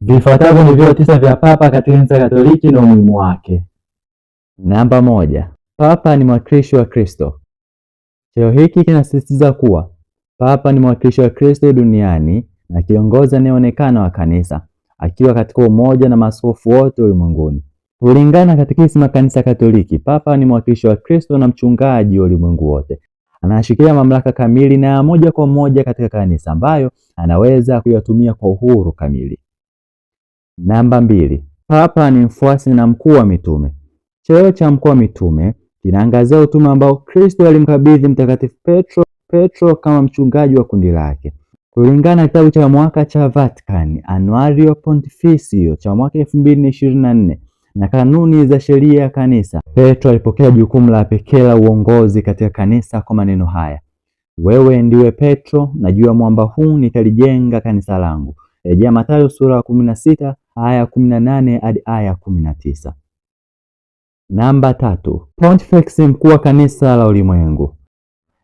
Vifuatavyo ni vyeo tisa vya Papa katika Kanisa Katoliki na umuhimu wake. Namba moja, Papa ni mwakilishi wa Kristo. Cheo hiki kinasisitiza kuwa Papa ni mwakilishi wa Kristo duniani na kiongozi anayeonekana wa kanisa akiwa katika umoja na maaskofu wote ulimwenguni. Kulingana na katekisimu ya Kanisa Katoliki, Papa ni mwakilishi wa Kristo na mchungaji wa ulimwengu wote. Anashikilia mamlaka kamili na ya moja kwa moja katika kanisa ambayo anaweza kuyatumia kwa uhuru kamili. Namba mbili, Papa ni mfuasi na mkuu wa mitume. Cheo cha mkuu wa mitume kinaangazia utume ambao Kristo alimkabidhi Mtakatifu Petro, Petro kama mchungaji wa kundi lake. Kulingana na kitabu cha mwaka cha Vatican, Annuario Pontificio cha mwaka 2024 na kanuni za sheria ya kanisa, Petro alipokea jukumu la pekee la uongozi katika kanisa kwa maneno haya: wewe ndiwe Petro na juu ya mwamba huu nitalijenga kanisa langu, rejea Mathayo sura ya 16 aya kumi na nane hadi aya kumi na tisa. Namba tatu, Pontifex mkuu wa kanisa la ulimwengu.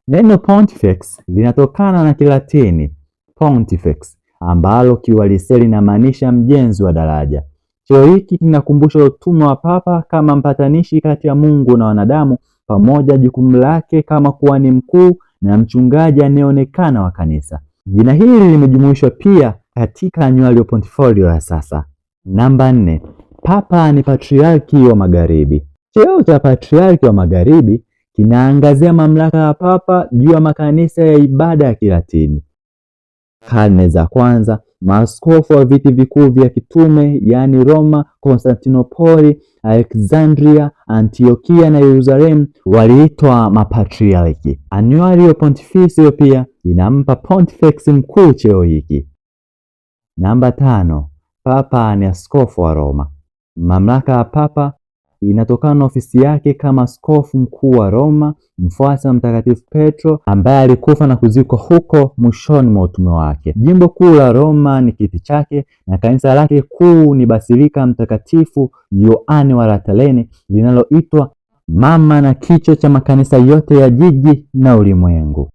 Neno Pontifex linatokana na Kilatini Pontifex ambalo kiwalisia linamaanisha mjenzi wa daraja. Cheo hiki kinakumbusha utumwa wa papa kama mpatanishi kati ya Mungu na wanadamu, pamoja jukumu lake kama kuhani mkuu na mchungaji anayeonekana wa kanisa. Jina hili limejumuishwa pia katika annual portfolio ya sasa. Namba nne, Papa ni patriarki wa Magharibi. Cheo cha patriarki wa Magharibi kinaangazia mamlaka ya Papa juu ya makanisa ya ibada ya Kilatini. Karne za kwanza, maaskofu wa viti vikuu vya kitume yaani Roma, Konstantinopoli, Alexandria, Antiokia na Yerusalemu waliitwa mapatriarki. Anuari Pontificio pia inampa Pontifex mkuu cheo hiki. Namba tano Papa ni askofu wa Roma. Mamlaka ya papa inatokana na ofisi yake kama askofu mkuu wa Roma, mfuasi wa Mtakatifu Petro ambaye alikufa na kuzikwa huko mwishoni mwa utume wake. Jimbo kuu la Roma ni kiti chake na kanisa lake kuu ni Basilika Mtakatifu Yohane wa Laterani linaloitwa mama na kichwa cha makanisa yote ya jiji na ulimwengu.